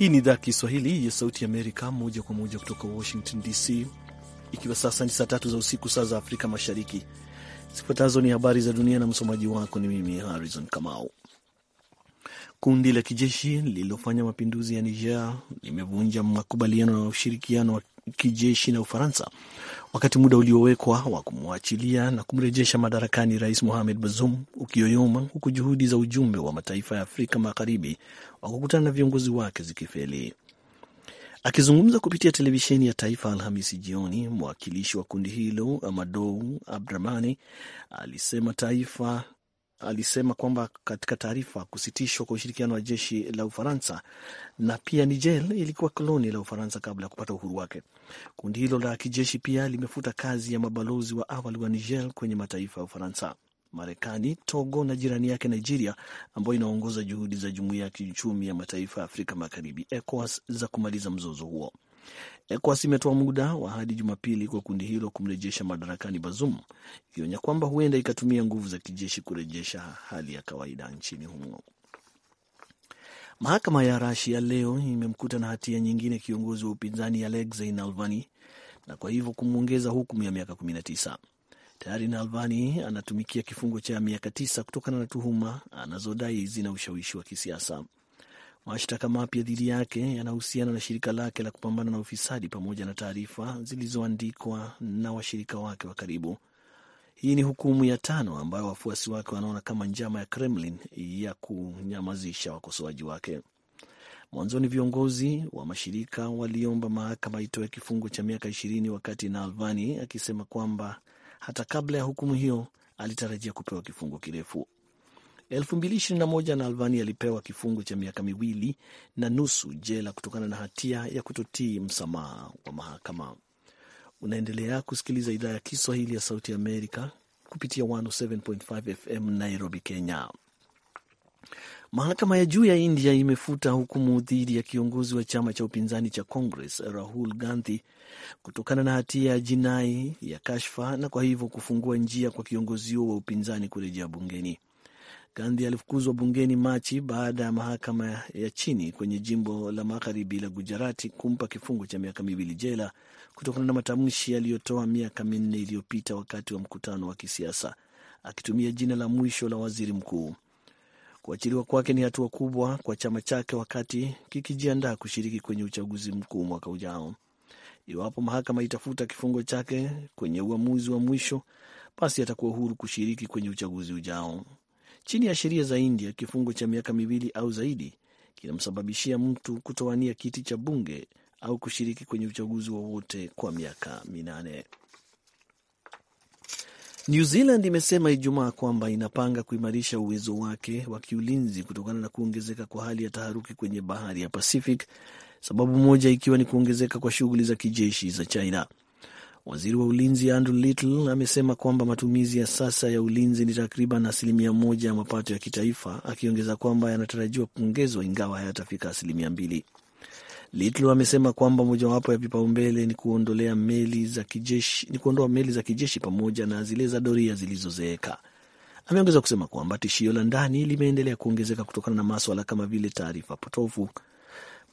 Hii ni idhaa ya Kiswahili ya Sauti ya Amerika, moja kwa moja kutoka Washington DC, ikiwa sasa ni saa tatu za usiku, saa za Afrika Mashariki. Zifuatazo ni habari za dunia na msomaji wako ni mimi Harrison Kamau. Kundi la kijeshi lililofanya mapinduzi ya Niger limevunja makubaliano ya ushirikiano kijeshi na Ufaransa wakati muda uliowekwa wa kumwachilia na kumrejesha madarakani Rais Mohamed Bazoum ukioyoma huku juhudi za ujumbe wa mataifa ya Afrika Magharibi wa kukutana na viongozi wake zikifeli. Akizungumza kupitia televisheni ya taifa Alhamisi jioni, mwakilishi wa kundi hilo Amadou Abdramani alisema taifa alisema kwamba katika taarifa kusitishwa kwa ushirikiano wa jeshi la Ufaransa na pia Niger ilikuwa koloni la Ufaransa kabla ya kupata uhuru wake. Kundi hilo la kijeshi pia limefuta kazi ya mabalozi wa awali wa Niger kwenye mataifa ya Ufaransa, Marekani, Togo na jirani yake Nigeria, ambayo inaongoza juhudi za jumuiya ya kiuchumi ya mataifa ya Afrika Magharibi, ECOWAS, za kumaliza mzozo huo. ECOWAS eh, imetoa muda wa hadi Jumapili kwa kundi hilo kumrejesha madarakani Bazoum, ikionya kwamba huenda ikatumia nguvu za kijeshi kurejesha hali ya kawaida nchini humo. Mahakama ya Rasia leo imemkuta na hatia nyingine kiongozi wa upinzani Alexei Navalny na kwa hivyo kumwongeza hukumu ya miaka 19. Tayari Navalny anatumikia kifungo cha miaka tisa kutokana na tuhuma anazodai zina ushawishi wa kisiasa. Mashtaka mapya dhidi yake yanahusiana na shirika lake la kupambana na ufisadi pamoja na taarifa zilizoandikwa na washirika wake wa karibu. Hii ni hukumu ya tano ambayo wafuasi wake wanaona kama njama ya Kremlin ya kunyamazisha wakosoaji wake. Mwanzoni viongozi wa mashirika waliomba mahakama itoe kifungo cha miaka ishirini wakati na Alvani akisema kwamba hata kabla ya hukumu hiyo alitarajia kupewa kifungo kirefu. 2021 na Alvani alipewa kifungo cha miaka miwili na nusu jela kutokana na hatia ya kutotii msamaha wa mahakama. Unaendelea kusikiliza idhaa ya Kiswahili ya Sauti Amerika kupitia 107.5 FM Nairobi, Kenya. Mahakama ya juu ya India imefuta hukumu dhidi ya kiongozi wa chama cha upinzani cha Congress Rahul Gandhi kutokana na hatia ya jinai ya kashfa na kwa hivyo kufungua njia kwa kiongozi huo wa upinzani kurejea bungeni. Gandhi alifukuzwa bungeni Machi baada ya mahakama ya chini kwenye jimbo la magharibi la Gujarati kumpa kifungo cha miaka miwili jela kutokana na matamshi aliyotoa miaka minne iliyopita wakati wa mkutano wa kisiasa akitumia jina la mwisho la waziri mkuu. Kuachiliwa kwake ni hatua kubwa kwa chama chake wakati kikijiandaa kushiriki kwenye uchaguzi mkuu mwaka ujao. Iwapo mahakama itafuta kifungo chake kwenye uamuzi wa mwisho, basi atakuwa huru kushiriki kwenye uchaguzi ujao. Chini ya sheria za India, kifungo cha miaka miwili au zaidi kinamsababishia mtu kutowania kiti cha bunge au kushiriki kwenye uchaguzi wowote kwa miaka minane. New Zealand imesema Ijumaa kwamba inapanga kuimarisha uwezo wake wa kiulinzi kutokana na kuongezeka kwa hali ya taharuki kwenye bahari ya Pacific, sababu moja ikiwa ni kuongezeka kwa shughuli za kijeshi za China. Waziri wa ulinzi Andrew Little amesema kwamba matumizi ya sasa ya ulinzi ni takriban asilimia moja ya mapato ya kitaifa, akiongeza kwamba yanatarajiwa kuongezwa ingawa hayatafika asilimia mbili. Little amesema kwamba mojawapo ya vipaumbele ni kuondolea meli za kijeshi, ni kuondoa meli za kijeshi pamoja na zile za doria zilizozeeka. Ameongeza kusema kwamba tishio la ndani limeendelea kuongezeka kutokana na maswala kama vile taarifa potofu,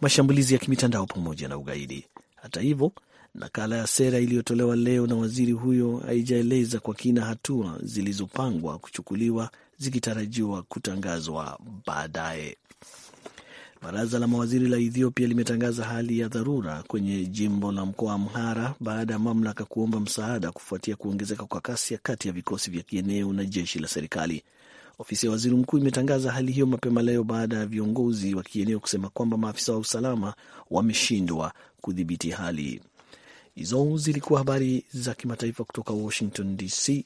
mashambulizi ya kimitandao pamoja na ugaidi. Hata hivyo Nakala ya sera iliyotolewa leo na waziri huyo haijaeleza kwa kina hatua zilizopangwa kuchukuliwa zikitarajiwa kutangazwa baadaye. Baraza la mawaziri la Ethiopia limetangaza hali ya dharura kwenye jimbo la mkoa Amhara baada ya mamlaka kuomba msaada kufuatia kuongezeka kwa kasi kati ya vikosi vya kieneo na jeshi la serikali. Ofisi ya waziri mkuu imetangaza hali hiyo mapema leo baada ya viongozi wa kieneo kusema kwamba maafisa wa usalama wameshindwa kudhibiti hali. Hizo zilikuwa habari za kimataifa kutoka Washington DC,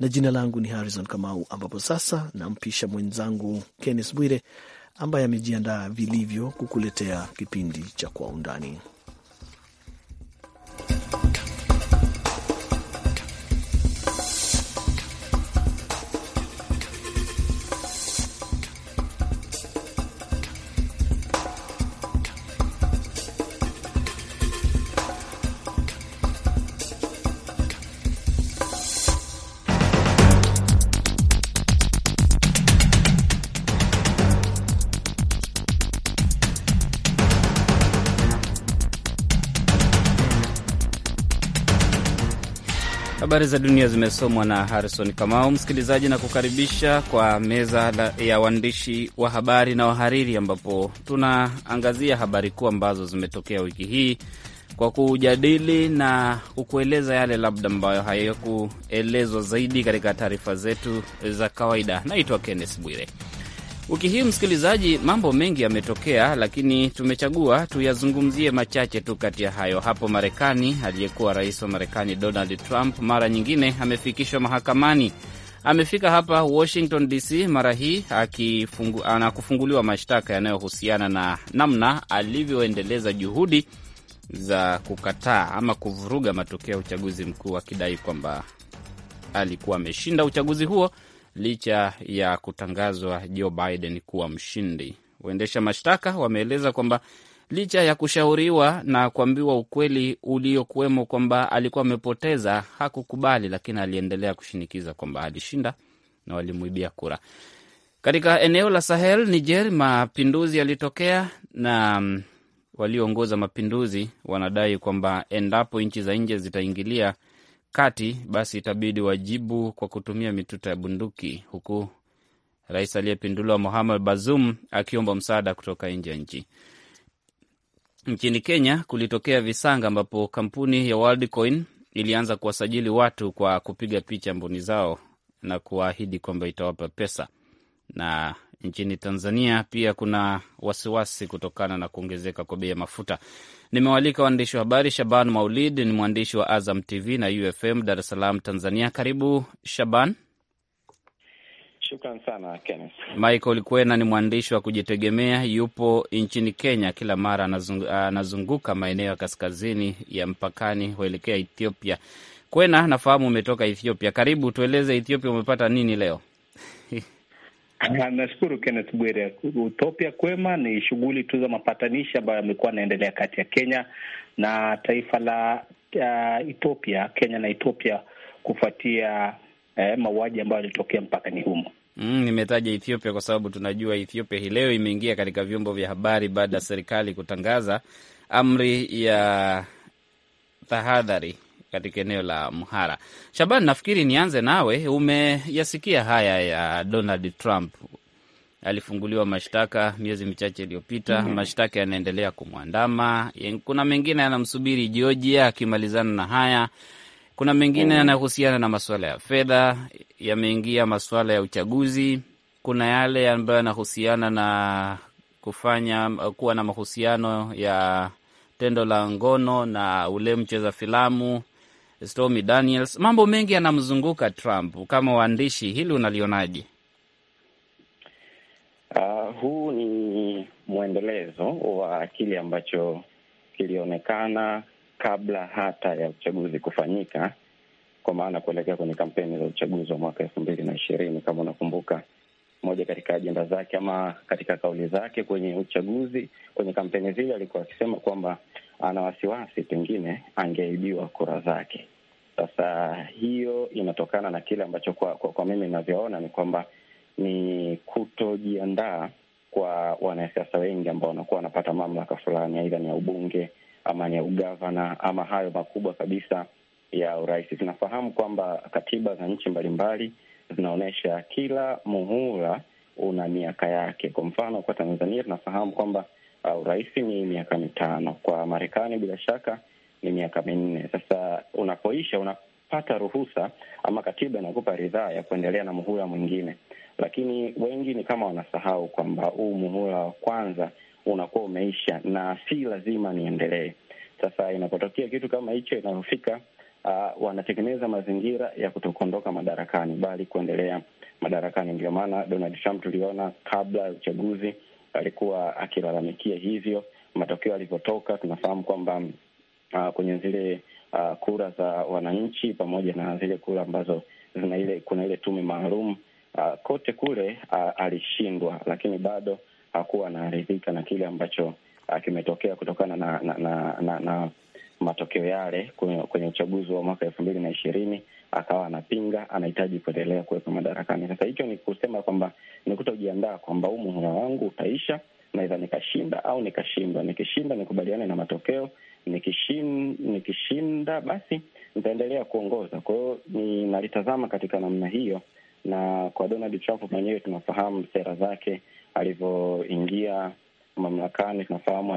na jina langu ni Harrison Kamau, ambapo sasa nampisha mwenzangu Kenneth Bwire ambaye amejiandaa vilivyo kukuletea kipindi cha Kwa Undani. Habari za dunia zimesomwa na Harrison Kamau. Msikilizaji na kukaribisha kwa meza ya waandishi wa habari na wahariri, ambapo tunaangazia habari kuu ambazo zimetokea wiki hii kwa kujadili na kukueleza yale labda ambayo hayakuelezwa zaidi katika taarifa zetu za kawaida. Naitwa Kenneth Bwire. Wiki hii msikilizaji, mambo mengi yametokea, lakini tumechagua tuyazungumzie machache tu kati ya hayo. Hapo Marekani, aliyekuwa rais wa Marekani Donald Trump mara nyingine amefikishwa mahakamani. Amefika hapa Washington DC mara hii na kufunguliwa mashtaka yanayohusiana na namna alivyoendeleza juhudi za kukataa ama kuvuruga matokeo ya uchaguzi mkuu akidai kwamba alikuwa ameshinda uchaguzi huo licha ya kutangazwa Joe Biden kuwa mshindi. Waendesha mashtaka wameeleza kwamba licha ya kushauriwa na kuambiwa ukweli uliokuwemo kwamba alikuwa amepoteza, hakukubali, lakini aliendelea kushinikiza kwamba alishinda na walimwibia kura. Katika eneo la Sahel, Niger, mapinduzi yalitokea na mm, walioongoza mapinduzi wanadai kwamba endapo nchi za nje zitaingilia kati, basi itabidi wajibu kwa kutumia mituta ya bunduki, huku rais aliyepinduliwa Mohamed Bazoum akiomba msaada kutoka nje ya nchi. Nchini Kenya kulitokea visanga ambapo kampuni ya Worldcoin ilianza kuwasajili watu kwa kupiga picha mboni zao na kuwaahidi kwamba itawapa pesa, na nchini Tanzania pia kuna wasiwasi kutokana na kuongezeka kwa bei ya mafuta. Nimewaalika waandishi wa habari. Shaban Maulid ni mwandishi wa Azam TV na UFM Dar es Salaam, Tanzania. Karibu Shaban. Shukran sana Kenneth. Michael Kwena ni mwandishi wa kujitegemea, yupo nchini Kenya. Kila mara anazunguka maeneo ya kaskazini ya mpakani kuelekea Ethiopia. Kwena, nafahamu umetoka Ethiopia, karibu tueleze Ethiopia umepata nini leo? Nashukuru Kenneth Bwire. Utopia Kwema ni shughuli tu za mapatanishi ambayo yamekuwa anaendelea kati ya Kenya na taifa la uh, Ethiopia, Kenya na Ethiopia kufuatia uh, mauaji ambayo yalitokea mpakani humo. Mm, nimetaja Ethiopia kwa sababu tunajua Ethiopia hii leo imeingia katika vyombo vya habari baada ya serikali kutangaza amri ya tahadhari katika eneo la Mhara. Shaban, nafikiri nianze nawe. Umeyasikia haya ya Donald Trump, alifunguliwa mashtaka miezi michache iliyopita. mm -hmm. Mashtaka yanaendelea kumwandama. Kuna mengine yanamsubiri Georgia akimalizana na haya kuna mengine mhm. yanayohusiana na masuala ya fedha, yameingia masuala ya uchaguzi. Kuna yale ambayo yanahusiana na kufanya kuwa na mahusiano ya tendo la ngono na ule mcheza filamu Stormy Daniels. Mambo mengi yanamzunguka Trump. Kama waandishi, hili unalionaje? Uh, huu ni mwendelezo wa kile ambacho kilionekana kabla hata ya uchaguzi kufanyika, kwa maana kuelekea kwenye kampeni za uchaguzi wa mwaka elfu mbili na ishirini. Kama unakumbuka, moja katika ajenda zake ama katika kauli zake kwenye uchaguzi, kwenye kampeni zile, alikuwa akisema kwamba ana wasiwasi pengine angeibiwa kura zake. Sasa hiyo inatokana na kile ambacho kwa, kwa, kwa mimi inavyoona ni kwamba ni kutojiandaa kwa wanasiasa wengi ambao wanakuwa wanapata mamlaka fulani, aidha ni ya ubunge ama ni ya ugavana ama hayo makubwa kabisa ya urais. Tunafahamu kwamba katiba za nchi mbalimbali zinaonyesha kila muhula una miaka yake. Kwa mfano, kwa Tanzania tunafahamu kwamba urais ni miaka mitano, kwa Marekani bila shaka ni miaka minne. Sasa unapoisha unapata ruhusa ama katiba inakupa ridhaa ya kuendelea na muhula mwingine, lakini wengi ni kama wanasahau kwamba huu muhula wa kwanza unakuwa umeisha na si lazima niendelee. Sasa inapotokea kitu kama hicho, inayofika uh, ah, wanatengeneza mazingira ya kutokuondoka madarakani, bali kuendelea madarakani. Ndio maana Donald Trump tuliona kabla ya uchaguzi alikuwa akilalamikia hivyo. Matokeo alivyotoka tunafahamu kwamba uh, kwenye zile uh, kura za wananchi pamoja na zile kura ambazo zina ile, kuna ile tume maalum uh, kote kule uh, alishindwa, lakini bado hakuwa anaridhika na kile ambacho uh, kimetokea kutokana na na, na, na, na matokeo yale kwenye uchaguzi wa mwaka elfu mbili na ishirini akawa anapinga, anahitaji kuendelea kuwepo madarakani. Sasa hicho ni kusema kwamba nikuta ujiandaa kwamba huu muhula wangu utaisha, naweza nikashinda au nikashindwa. Nikishinda nikubaliane na matokeo, nikishin, nikishinda basi nitaendelea kuongoza. Kwa hiyo ninalitazama katika namna hiyo, na kwa Donald Trump mwenyewe tunafahamu sera zake alivyoingia mamlakani, tunafahamu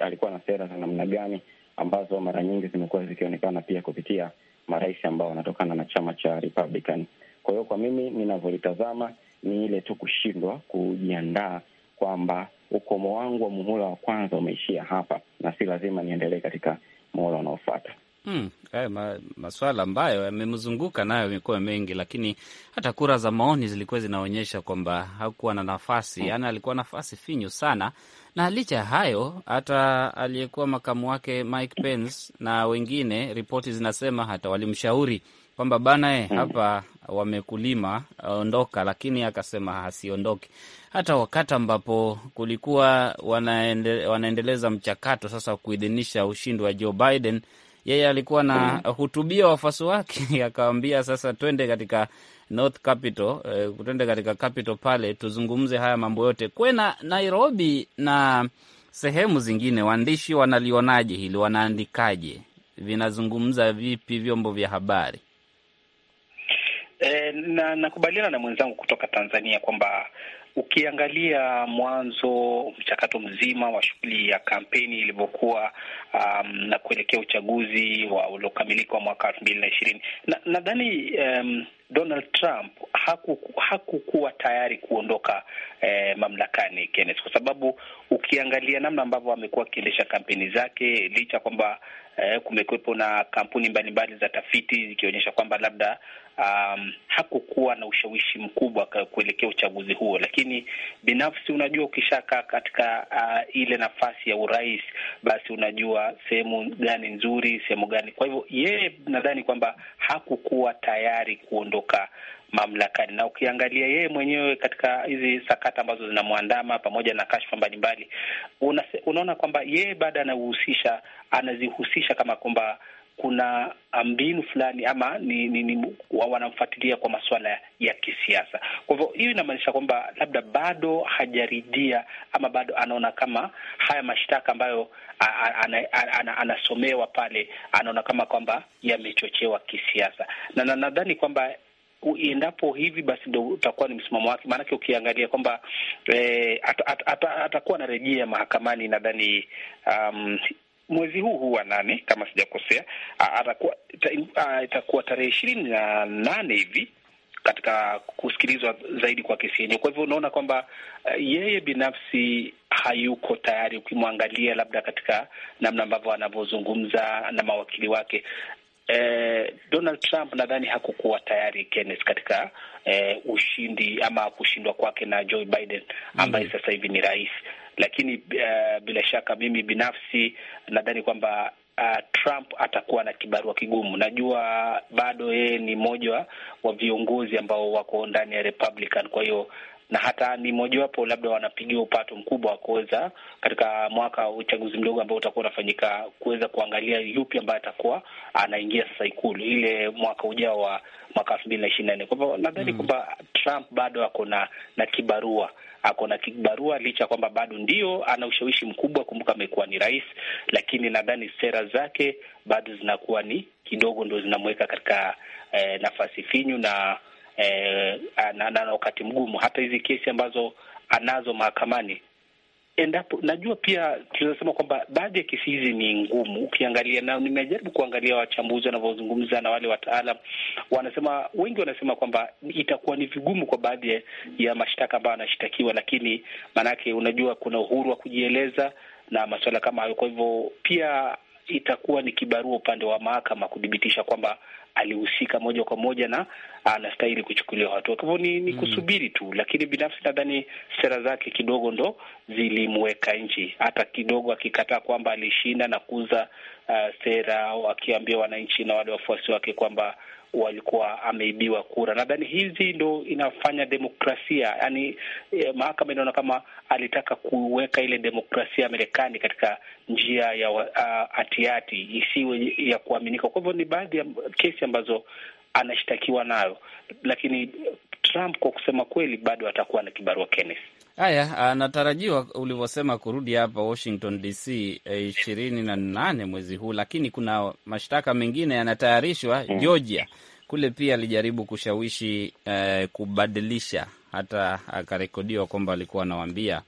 alikuwa na sera za namna gani ambazo mara nyingi zimekuwa zikionekana pia kupitia marais ambao wanatokana na chama cha Republican. Kwa hiyo kwa mimi ninavyolitazama ni ile tu kushindwa kujiandaa kwamba ukomo wangu wa muhula wa kwanza umeishia hapa na si lazima niendelee katika muhula unaofuata. Hmm, haya ma, maswala ambayo yamemzunguka nayo yamekuwa mengi, lakini hata kura za maoni zilikuwa zinaonyesha kwamba hakuwa na nafasi, hmm. yaani alikuwa nafasi finyu sana, na licha ya hayo hata aliyekuwa makamu wake Mike Pence na wengine, ripoti zinasema hata walimshauri kwamba bana, e, hapa wamekulima, ondoka, lakini akasema hasiondoki. hata wakati ambapo kulikuwa wanaende, wanaendeleza mchakato sasa wa kuidhinisha ushindi wa Joe Biden yeye alikuwa na hutubia wafuasi wake akawambia sasa twende katika North Capital, eh, twende katika capital pale tuzungumze haya mambo yote. Kwena Nairobi na sehemu zingine, waandishi wanalionaje hili? Wanaandikaje? vinazungumza vipi vyombo vya habari? E, na nakubaliana na mwenzangu kutoka Tanzania kwamba Ukiangalia mwanzo mchakato mzima wa shughuli ya kampeni ilivyokuwa um, na kuelekea uchaguzi wa uliokamilika wa mwaka elfu mbili na ishirini nadhani um, Donald Trump hakukuwa haku tayari kuondoka eh, mamlakani Kenneth, kwa sababu ukiangalia namna ambavyo amekuwa akiendesha kampeni zake licha kwamba eh, kumekuwepo na kampuni mbalimbali za tafiti zikionyesha kwamba labda um, hakukuwa na ushawishi mkubwa kuelekea uchaguzi huo, lakini binafsi, unajua ukishakaa katika uh, ile nafasi ya urais basi unajua sehemu gani nzuri, sehemu gani. Kwa hivyo yeye, nadhani kwamba hakukuwa tayari kuondoka mamlakani, na ukiangalia yeye mwenyewe katika hizi sakata ambazo zinamwandama pamoja na kashfa mbalimbali, unaona kwamba yeye baada anahusisha, anazihusisha kama kwamba kuna ah, mbinu fulani ama ni, ni, ni, wanamfuatilia kwa masuala ya kisiasa. Kwa hivyo hiyo inamaanisha kwamba labda bado hajaridhia ama bado anaona kama haya mashtaka ambayo anasomewa pale anaona kama kwamba yamechochewa kisiasa, na nadhani kwamba endapo hivi basi ndo utakuwa ni msimamo wake, maanake ukiangalia kwamba eh, atakuwa at, at, at, anarejea mahakamani nadhani um, mwezi huu huu wa nane kama sijakosea, atakuwa itakuwa tarehe ishirini na nane hivi katika kusikilizwa zaidi kwa kesi yenyewe. Kwa hivyo unaona kwamba uh, yeye binafsi hayuko tayari. Ukimwangalia labda katika namna ambavyo anavyozungumza na mawakili wake eh, Donald Trump nadhani hakukuwa tayari Kenneth, katika eh, ushindi ama kushindwa kwake na Joe Biden ambaye mm, sasa hivi ni rais lakini uh, bila shaka mimi binafsi nadhani kwamba Uh, Trump atakuwa na kibarua kigumu. Najua bado yeye ni mmoja wa viongozi ambao wako ndani ya Republican, kwa hiyo na hata ni mojawapo labda wanapigiwa upato mkubwa wa kuweza katika mwaka uchaguzi mdogo ambao utakuwa unafanyika kuweza kuangalia yupi ambaye atakuwa anaingia sasa Ikulu ile mwaka ujao wa mwaka elfu mbili na ishirini na nne. Kwa hivyo nadhani mm. kwamba Trump bado ako na kibarua ako na kibarua, licha ya kwamba bado ndio ana ushawishi mkubwa. Kumbuka amekuwa ni rais, lakini nadhani sera zake bado zinakuwa ni kidogo ndo zinamweka katika eh, nafasi finyu na eh, na wakati mgumu. Hata hizi kesi ambazo anazo mahakamani endapo najua pia tunasema kwamba baadhi ya kesi hizi ni ngumu ukiangalia, na nimejaribu kuangalia wachambuzi wanavyozungumza na wale wataalam wanasema, wengi wanasema kwamba itakuwa ni vigumu kwa baadhi ya mashtaka ambayo anashtakiwa, lakini maanake, unajua kuna uhuru wa kujieleza na masuala kama hayo, kwa hivyo pia itakuwa ni kibarua upande wa mahakama kuthibitisha kwamba alihusika moja kwa moja na anastahili kuchukuliwa hatua. Kwa hivyo ni, ni hmm. kusubiri tu, lakini binafsi nadhani sera zake kidogo ndo zilimweka nchi, hata kidogo akikataa kwamba alishinda na kuuza uh, sera au akiambia wananchi na wale wafuasi wake kwamba walikuwa ameibiwa kura. Nadhani hizi ndo inafanya demokrasia, yani eh, mahakama inaona kama alitaka kuweka ile demokrasia ya Marekani katika njia ya hatihati ah, uh, isiwe ya kuaminika. Kwa hivyo ni baadhi ya kesi ambazo anashtakiwa nayo, lakini Trump kwa kusema kweli bado atakuwa na kibarua Kenneth. Haya, anatarajiwa ah, ulivyosema kurudi hapa Washington DC eh, ishirini na nane mwezi huu, lakini kuna mashtaka mengine yanatayarishwa mm. Georgia kule pia alijaribu kushawishi eh, kubadilisha, hata akarekodiwa kwamba alikuwa anawaambia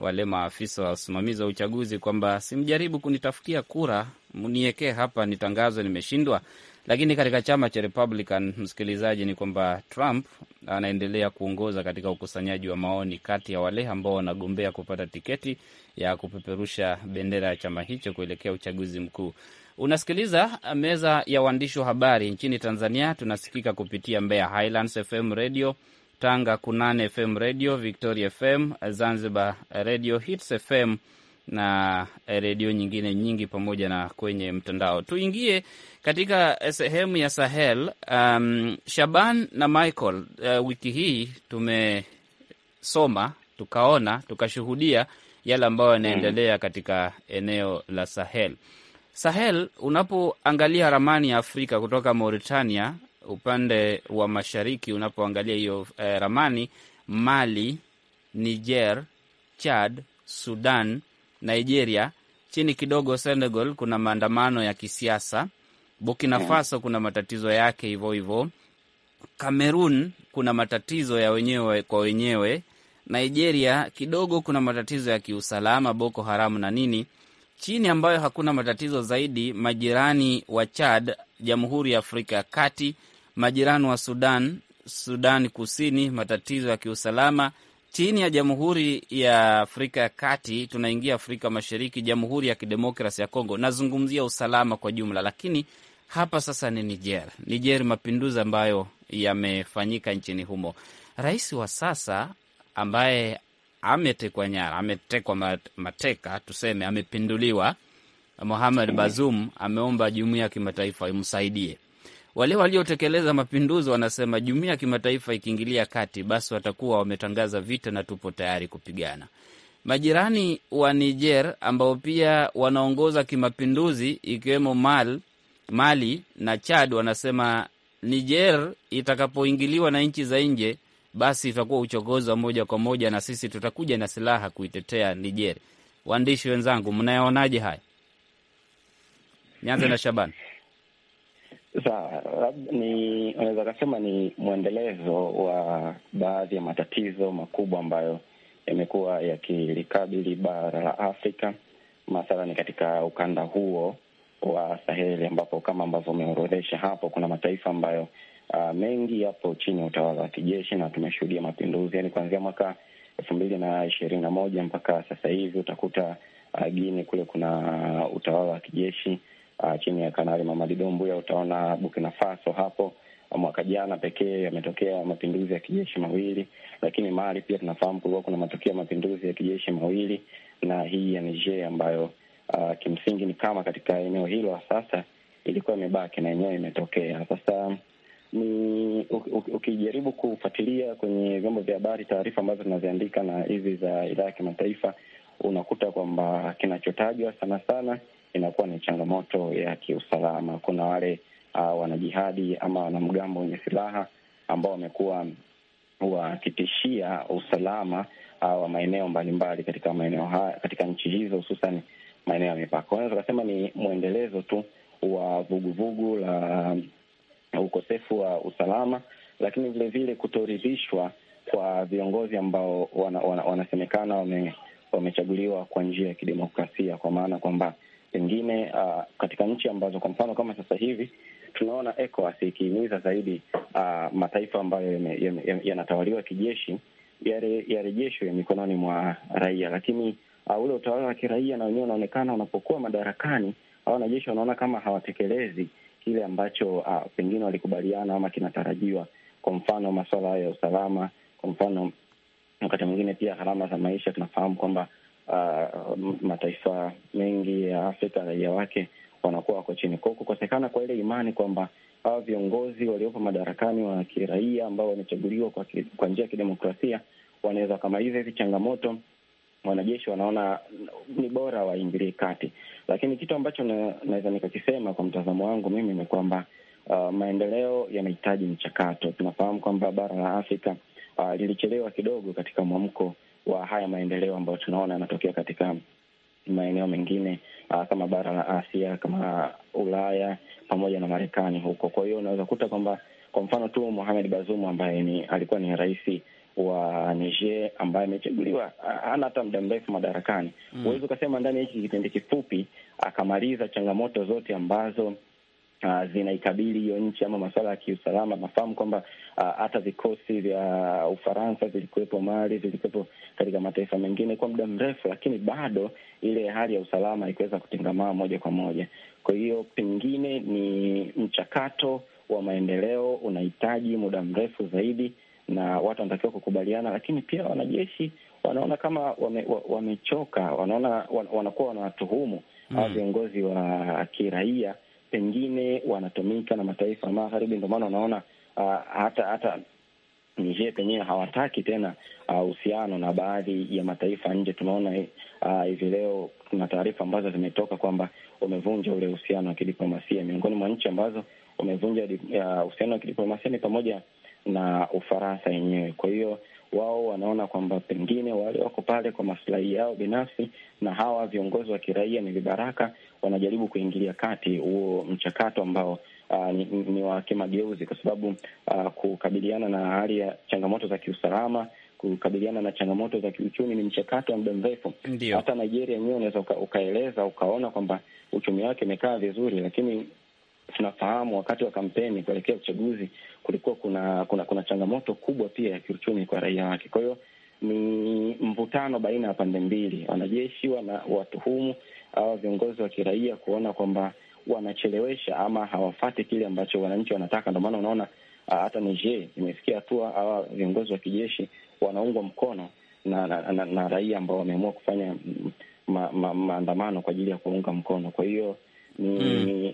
wale maafisa wa usimamizi wa uchaguzi kwamba simjaribu kunitafutia kura, mniekee hapa, nitangazwe nimeshindwa. Lakini katika chama cha Republican, msikilizaji, ni kwamba Trump anaendelea kuongoza katika ukusanyaji wa maoni kati ya wale ambao wanagombea kupata tiketi ya kupeperusha bendera ya chama hicho kuelekea uchaguzi mkuu. Unasikiliza meza ya waandishi wa habari nchini Tanzania. Tunasikika kupitia Mbeya Highlands FM radio, Tanga Kunane FM radio, Victoria FM, Zanzibar radio, Hits FM na eh, redio nyingine nyingi pamoja na kwenye mtandao. Tuingie katika eh, sehemu ya Sahel. Um, Shaban na Michael, uh, wiki hii tumesoma tukaona tukashuhudia yale ambayo yanaendelea mm. katika eneo la Sahel. Sahel, unapoangalia ramani ya Afrika kutoka Mauritania upande wa mashariki, unapoangalia hiyo eh, ramani, Mali, Niger, Chad, Sudan Nigeria, chini kidogo Senegal kuna maandamano ya kisiasa, Burkina Faso kuna matatizo yake hivyo hivyo, Cameroon kuna matatizo ya wenyewe kwa wenyewe, Nigeria kidogo kuna matatizo ya kiusalama, Boko Haramu na nini. Chini ambayo hakuna matatizo zaidi, majirani wa Chad, Jamhuri ya Afrika ya Kati, majirani wa Sudan, Sudan Kusini, matatizo ya kiusalama chini ya Jamhuri ya Afrika ya Kati tunaingia Afrika Mashariki, Jamhuri ya Kidemokrasi ya Kongo. Nazungumzia usalama kwa jumla, lakini hapa sasa ni Niger. Niger, mapinduzi ambayo yamefanyika nchini humo, rais wa sasa ambaye ametekwa nyara, ametekwa mateka, tuseme amepinduliwa, Mohamed Bazoum ameomba jumuiya ya kimataifa imsaidie wale waliotekeleza mapinduzi wanasema jumuiya ya kimataifa ikiingilia kati, basi watakuwa wametangaza vita na tupo tayari kupigana. Majirani wa Niger ambao pia wanaongoza kimapinduzi ikiwemo Mali, Mali na Chad wanasema Niger itakapoingiliwa na nchi za nje basi itakuwa uchokozi wa moja kwa moja na sisi tutakuja na silaha kuitetea Niger. Waandishi wenzangu, mnayaonaje haya? Nianze na Shabani. Sawa, ni unaweza kasema ni mwendelezo wa baadhi ya matatizo makubwa ambayo yamekuwa yakilikabili bara la Afrika, mathalani katika ukanda huo wa Saheli, ambapo kama ambavyo umeorodhesha hapo, kuna mataifa ambayo uh, mengi yapo chini ya utawala wa kijeshi na tumeshuhudia mapinduzi, yani kuanzia mwaka elfu mbili na ishirini na moja mpaka sasa hivi utakuta uh, Guinea kule kuna utawala wa kijeshi uh, chini ya Kanali Mamadi Dumbuya. Utaona Burkina Faso hapo ah, mwaka jana pekee yametokea mapinduzi ya kijeshi mawili, lakini Mali pia tunafahamu kulikuwa kuna matokeo ya mapinduzi ya kijeshi mawili, na hii ya Niger ambayo uh, kimsingi ni kama katika eneo hilo sasa ilikuwa imebaki na yenyewe imetokea sasa ni ukijaribu kufuatilia kwenye vyombo vya habari taarifa ambazo tunaziandika na hizi za idhaa ya kimataifa, unakuta kwamba kinachotajwa sana sana inakuwa ni changamoto ya kiusalama. Kuna wale uh, wanajihadi ama wanamgambo wenye silaha ambao wamekuwa wakitishia usalama uh, wa maeneo mbalimbali katika maeneo haya, katika nchi hizo, hususan maeneo ya mipaka. Kwa hiyo tukasema ni mwendelezo tu wa vuguvugu la ukosefu wa usalama, lakini vilevile kutoridhishwa kwa viongozi ambao wanasemekana wana, wana wamechaguliwa kwa njia ya kidemokrasia, kwa maana kwamba pengine uh, katika nchi ambazo kwa mfano kama sasa hivi tunaona ECOWAS ikihimiza zaidi uh, mataifa ambayo yanatawaliwa kijeshi yarejeshwe mikononi mwa raia, lakini uh, ule utawala wa kiraia na wenyewe unaonekana unapokuwa madarakani, au wanajeshi wanaona kama hawatekelezi kile ambacho uh, pengine walikubaliana ama kinatarajiwa. Kwa mfano masuala ya usalama, kwa mfano wakati mwingine pia gharama za maisha, tunafahamu kwamba uh, mataifa mengi ya Afrika raia wake wanakuwa wako chini kwao. Kukosekana kwa ile imani kwamba hawa viongozi waliopo madarakani wa kiraia ambao wamechaguliwa kwa, kwa njia ya kidemokrasia wanaweza wakamaliza hizi changamoto, wanajeshi wanaona ni bora waingilie kati. Lakini kitu ambacho naweza nikakisema kwa mtazamo wangu mimi ni kwamba uh, maendeleo yanahitaji mchakato. Tunafahamu kwamba bara la Afrika uh, lilichelewa kidogo katika mwamko wa haya maendeleo ambayo tunaona yanatokea katika maeneo mengine uh, kama bara la Asia kama Ulaya pamoja na Marekani huko. Kwa hiyo unaweza kuta kwamba kwa mfano tu Mohamed Bazoum ambaye ni alikuwa ni rais wa Niger ambaye amechaguliwa ah, hana hata muda mrefu madarakani, mm. huwezi mm, ukasema ndani ya hiki kipindi kifupi akamaliza changamoto zote ambazo uh, zinaikabili hiyo nchi ama masuala ya kiusalama. Nafahamu kwamba uh, hata uh, vikosi vya Ufaransa vilikuwepo Mali, vilikuwepo katika mataifa mengine kwa muda mrefu, lakini bado ile hali ya usalama haikuweza kutengamaa moja kwa moja. Kwa hiyo pengine ni mchakato wa maendeleo unahitaji muda mrefu zaidi, na watu wanatakiwa kukubaliana, lakini pia wanajeshi wanaona kama wamechoka, wame wanaona wanakuwa wanawatuhumu uh, mm, au viongozi wa kiraia pengine wanatumika na mataifa magharibi, ndio maana wanaona uh, ah, hata hata Niger penyewe hawataki tena ah, uhusiano na baadhi ya mataifa nje. Tunaona ah, hivi uh, leo kuna taarifa ambazo zimetoka kwamba umevunja ule uhusiano wa kidiplomasia. Miongoni mwa nchi ambazo umevunja uhusiano uh, wa kidiplomasia ni pamoja na Ufaransa yenyewe. Kwa hiyo wao wanaona kwamba pengine wale wako pale kwa maslahi yao binafsi, na hawa viongozi wa kiraia ni vibaraka, wanajaribu kuingilia kati huo mchakato ambao Uh, ni, ni wa kimageuzi kwa sababu uh, kukabiliana na hali ya changamoto za kiusalama, kukabiliana na changamoto za kiuchumi ni mchakato wa muda mrefu. Hata Nigeria yenyewe unaweza uka, ukaeleza ukaona kwamba uchumi wake umekaa vizuri, lakini tunafahamu wakati wa kampeni kuelekea uchaguzi kulikuwa kuna kuna kuna changamoto kubwa pia ya kiuchumi kwa raia wake. Kwa hiyo ni mvutano baina ya pande mbili, wanajeshi wana watuhumu au viongozi wa kiraia kuona kwamba wanachelewesha ama hawafati kile ambacho wananchi wanataka. Ndio maana unaona hata Niger imefikia hatua hawa viongozi wa kijeshi wanaungwa mkono na, na, na, na raia ambao wameamua kufanya ma, ma, maandamano kwa ajili ya kuunga mkono. Kwa hiyo ni mm,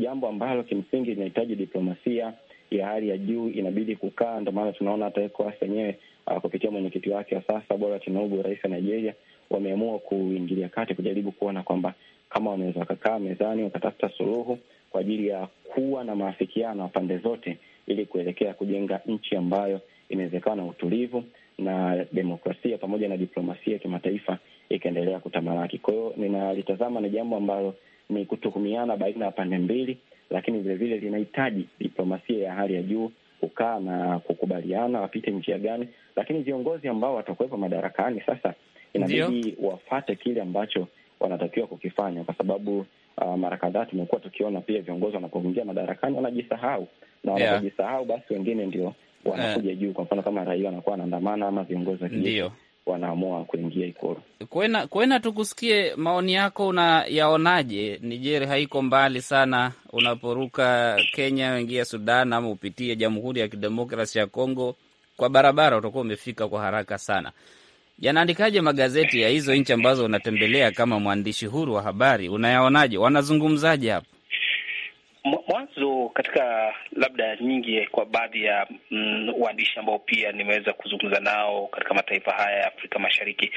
jambo ambalo kimsingi linahitaji diplomasia ya hali ya juu inabidi kukaa. Ndo maana tunaona hata ECOWAS yenyewe uh, kupitia mwenyekiti wake wa sasa Bola Tinubu, rais wa Nigeria, wameamua kuingilia kati kujaribu kuona kwamba kama wanaweza wakakaa mezani wakatafuta suluhu kwa ajili ya kuwa na maafikiano ya pande zote ili kuelekea kujenga nchi ambayo inawezekana utulivu na demokrasia pamoja na diplomasia ya kimataifa ikaendelea kutamalaki. Kwa hiyo ninalitazama ni jambo ambalo ni kutuhumiana baina ya pande mbili, lakini vilevile linahitaji diplomasia ya hali ya juu kukaa na kukubaliana wapite njia gani, lakini viongozi ambao watakuwepo madarakani sasa inabidi wafate kile ambacho wanatakiwa kukifanya, kwa sababu uh, mara kadhaa tumekuwa tukiona pia viongozi wanapoingia madarakani wanajisahau na wanapojisahau, yeah, basi wengine ndio eh. wanakuja yeah, juu. Kwa mfano kama raia anakuwa anaandamana ama viongozi wa kijeshi wanaamua kuingia Ikoro. Kwena, Kwena, tukusikie maoni yako, unayaonaje? Niger haiko mbali sana, unaporuka Kenya uingia Sudan ama upitie Jamhuri ya Kidemokrasi ya Kongo kwa barabara utakuwa umefika kwa haraka sana. Yanaandikaje magazeti ya hizo nchi ambazo unatembelea kama mwandishi huru wa habari? Unayaonaje, wanazungumzaje hapo? mwanzo katika labda nyingi kwa baadhi ya mm, waandishi ambao pia nimeweza kuzungumza nao katika mataifa haya ya Afrika Mashariki,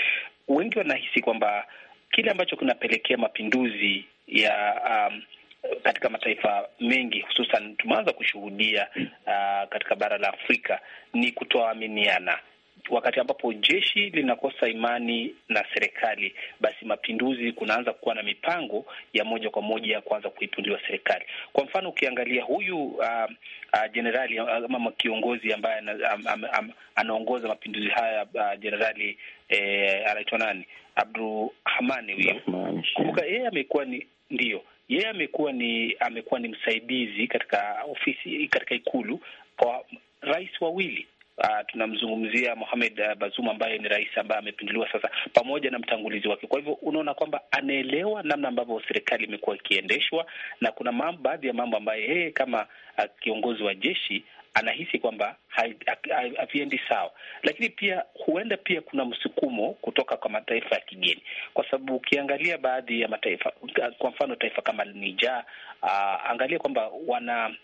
wengi wanahisi kwamba kile ambacho kinapelekea mapinduzi ya um, katika mataifa mengi hususan tumeanza kushuhudia uh, katika bara la Afrika ni kutoaminiana wakati ambapo jeshi linakosa imani na serikali, basi mapinduzi kunaanza kuwa na mipango ya moja kwa moja ya kuanza kuipinduliwa serikali. Kwa mfano, ukiangalia huyu um, uh, jenerali uh, uh, ama kiongozi ambaye anaongoza mapinduzi haya uh, jenerali uh, eh, anaitwa nani? Abdurahmani hamani Kumbuka yeye amekuwa ni ndiyo yeye yeah, amekuwa ni amekuwa ni msaidizi katika ofisi katika ikulu kwa rais wawili uh, tunamzungumzia Mohamed ah, Bazoum ambaye ni rais ambaye amepinduliwa sasa, pamoja na mtangulizi wake. Kwa hivyo unaona kwamba anaelewa namna ambavyo serikali imekuwa ikiendeshwa, na kuna mambo, baadhi ya mambo ambayo yeye kama uh, kiongozi wa jeshi anahisi kwamba haviendi sawa, lakini pia huenda pia kuna msukumo kutoka kwa mataifa ya kigeni, kwa sababu ukiangalia baadhi ya mataifa, kwa mfano taifa kama Niger, uh, angalia kwamba wana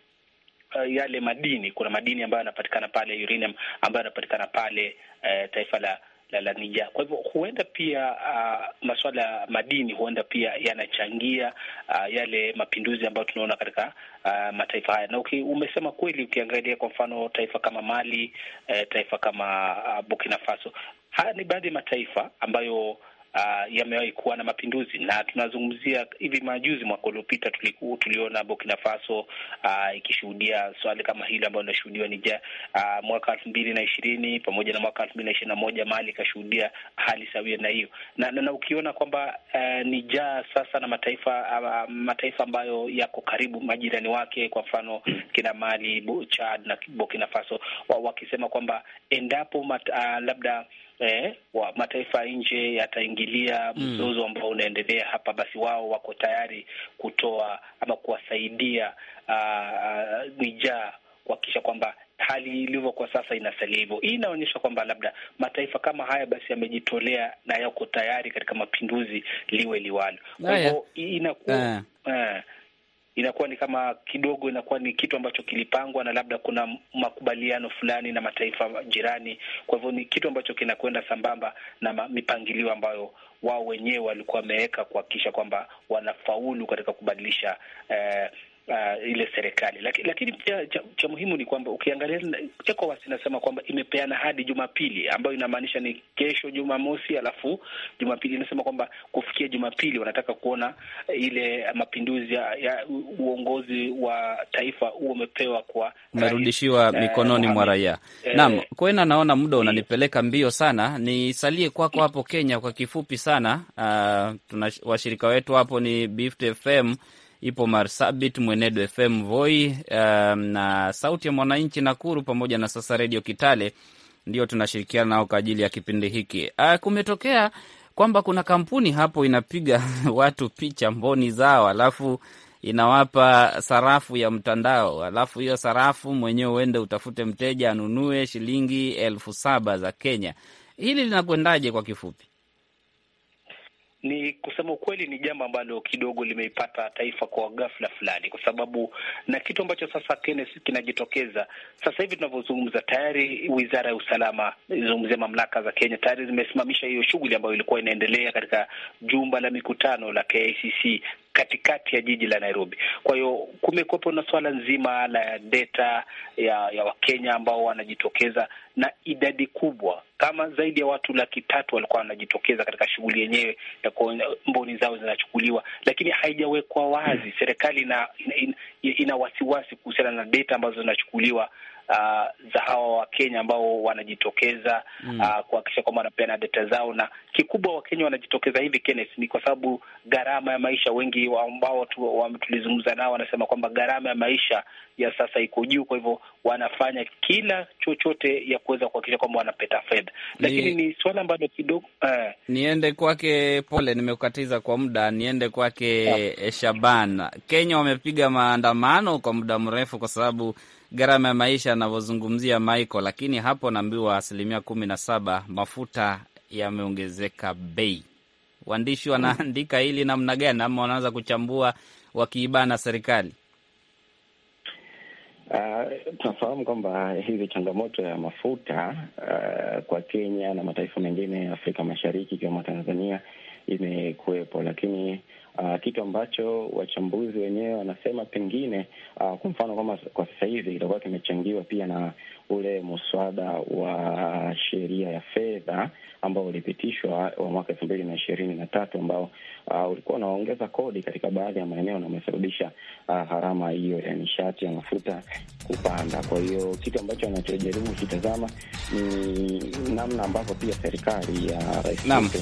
uh, yale madini. Kuna madini ambayo yanapatikana pale uranium, ambayo yanapatikana pale uh, taifa la la, la Nija. Kwa hivyo huenda pia uh, ah, masuala ya madini huenda pia yanachangia uh, yale mapinduzi ambayo tunaona katika uh, mataifa haya, na uki, umesema kweli, ukiangalia kwa mfano taifa kama Mali uh, taifa kama uh, Burkina Faso, haya ni baadhi ya mataifa ambayo uh, yamewahi kuwa na mapinduzi, na tunazungumzia hivi majuzi, mwaka uliopita tuliona Burkina Faso uh, ikishuhudia swali kama hili ambayo inashuhudiwa ni ja uh, mwaka elfu mbili na ishirini pamoja na mwaka elfu mbili na ishirini na moja Mali ikashuhudia hali sawia na hiyo na, na, na ukiona kwamba uh, ni jaa sasa na mataifa uh, mataifa ambayo yako karibu majirani wake, kwa mfano kina Mali, Chad na Burkina Faso wakisema kwamba endapo mat, uh, labda eh, wa mataifa nje yataingilia hmm. mzozo mm, ambao unaendelea hapa, basi wao wako tayari kutoa ama kuwasaidia mijaa ah, ah, kuhakikisha kwamba hali ilivyo kwa sasa inasalia hivyo. Hii inaonyesha kwamba labda mataifa kama haya basi yamejitolea na yako tayari katika mapinduzi liwe liwalo. Kwa hivyo inakuwa eh. Eh inakuwa ni kama kidogo inakuwa ni kitu ambacho kilipangwa na labda kuna makubaliano fulani na mataifa jirani. Kwa hivyo ni kitu ambacho kinakwenda sambamba na mipangilio ambayo wao wenyewe walikuwa wameweka kuhakikisha kwamba wanafaulu katika kubadilisha eh, uh, ile serikali Laki, lakini pia cha, cha muhimu ni kwamba ukiangalia ECOWAS inasema kwamba imepeana hadi Jumapili ambayo inamaanisha ni kesho Jumamosi, alafu Jumapili inasema kwamba kufikia Jumapili wanataka kuona uh, ile mapinduzi ya, ya uongozi wa taifa huo umepewa kwa umerudishiwa uh, mikononi mwa raia. Eh, Naam, Kwena, naona muda eh, unanipeleka mbio sana, nisalie kwako kwa eh. hapo Kenya kwa kifupi sana. Uh, tuna washirika wetu hapo ni Bift FM ipo Marsabit, Mwenedo FM Voi, um, na Sauti ya Mwananchi Nakuru, pamoja na sasa Redio Kitale, ndio tunashirikiana nao kwa ajili ya kipindi hiki. Uh, kumetokea kwamba kuna kampuni hapo inapiga watu picha mboni zao, alafu inawapa sarafu ya mtandao, alafu hiyo sarafu mwenyewe uende utafute mteja anunue shilingi elfu saba za Kenya. Hili linakwendaje kwa kifupi? ni kusema ukweli, ni jambo ambalo kidogo limeipata taifa kwa ghafla fulani, kwa sababu na kitu ambacho sasa kinajitokeza sasa hivi tunavyozungumza, tayari wizara ya usalama izungumzia mamlaka za Kenya tayari zimesimamisha hiyo shughuli ambayo ilikuwa inaendelea katika jumba la mikutano la KICC katikati ya jiji la Nairobi. Kwa hiyo kumekuwepo na suala nzima la data ya, ya Wakenya ambao wanajitokeza na idadi kubwa kama zaidi ya watu laki tatu walikuwa wanajitokeza katika shughuli yenyewe ya kuona mboni zao zinachukuliwa, lakini haijawekwa wazi. Serikali ina, ina, ina wasiwasi kuhusiana na data ambazo zinachukuliwa uh, za hawa Wakenya ambao wanajitokeza mm. uh, kuhakikisha kwamba wanapeana data zao, na kikubwa Wakenya wanajitokeza hivi Kenneth, ni kwa sababu gharama ya maisha, wengi ambao tulizungumza nao wanasema kwamba gharama ya maisha ya sasa iko juu, kwa hivyo wanafanya kila chochote ya kuweza kuhakikisha kwamba wanapata fedha, lakini ni, ni swala ambalo kidogo eh. Niende kwake pole, nimekukatiza kwa muda, niende kwake eh, Shaban. Kenya wamepiga maandamano kwa muda mrefu kwa sababu gharama ya maisha anavyozungumzia Michael, lakini hapo naambiwa asilimia kumi na saba mafuta yameongezeka bei. Waandishi wanaandika hili namna gani, ama wanaanza kuchambua wakiibana serikali? Uh, tunafahamu kwamba hizi changamoto ya mafuta uh, kwa Kenya na mataifa mengine ya Afrika Mashariki ikiwemo Tanzania imekuwepo, lakini uh, kitu ambacho wachambuzi wenyewe wanasema pengine, uh, kwa mfano kama kwa sasa hivi kitakuwa kimechangiwa pia na ule muswada wa sheria ya fedha ambao ulipitishwa wa mwaka elfu mbili na ishirini na tatu ambao uh, ulikuwa unaongeza kodi katika baadhi ya maeneo na umesababisha uh, gharama hiyo ya nishati ya mafuta kupanda. Kwa hiyo kitu ambacho anachojaribu kitazama ni namna ambavyo pia serikali ya Rais Ruto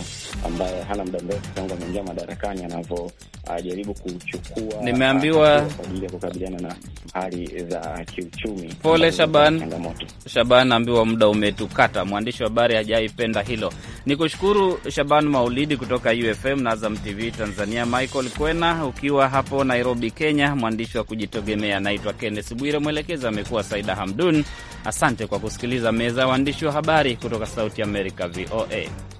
ambaye hana muda mrefu tangu ameingia madarakani anavyojaribu uh, kuchukua uh, nimeambiwa kwa ajili ya kukabiliana na hali za kiuchumi. Pole Shaban, Shaban naambiwa muda umetukata, mwandishi wa habari hajaipenda hilo. Ni kushukuru Shaban Maulidi kutoka UFM na Azam TV Tanzania, Michael Kwena ukiwa hapo Nairobi, Kenya, mwandishi wa kujitegemea anaitwa kennes Bwire, mwelekezi amekuwa Saida Hamdun. Asante kwa kusikiliza meza ya waandishi wa habari kutoka Sauti Amerika, VOA.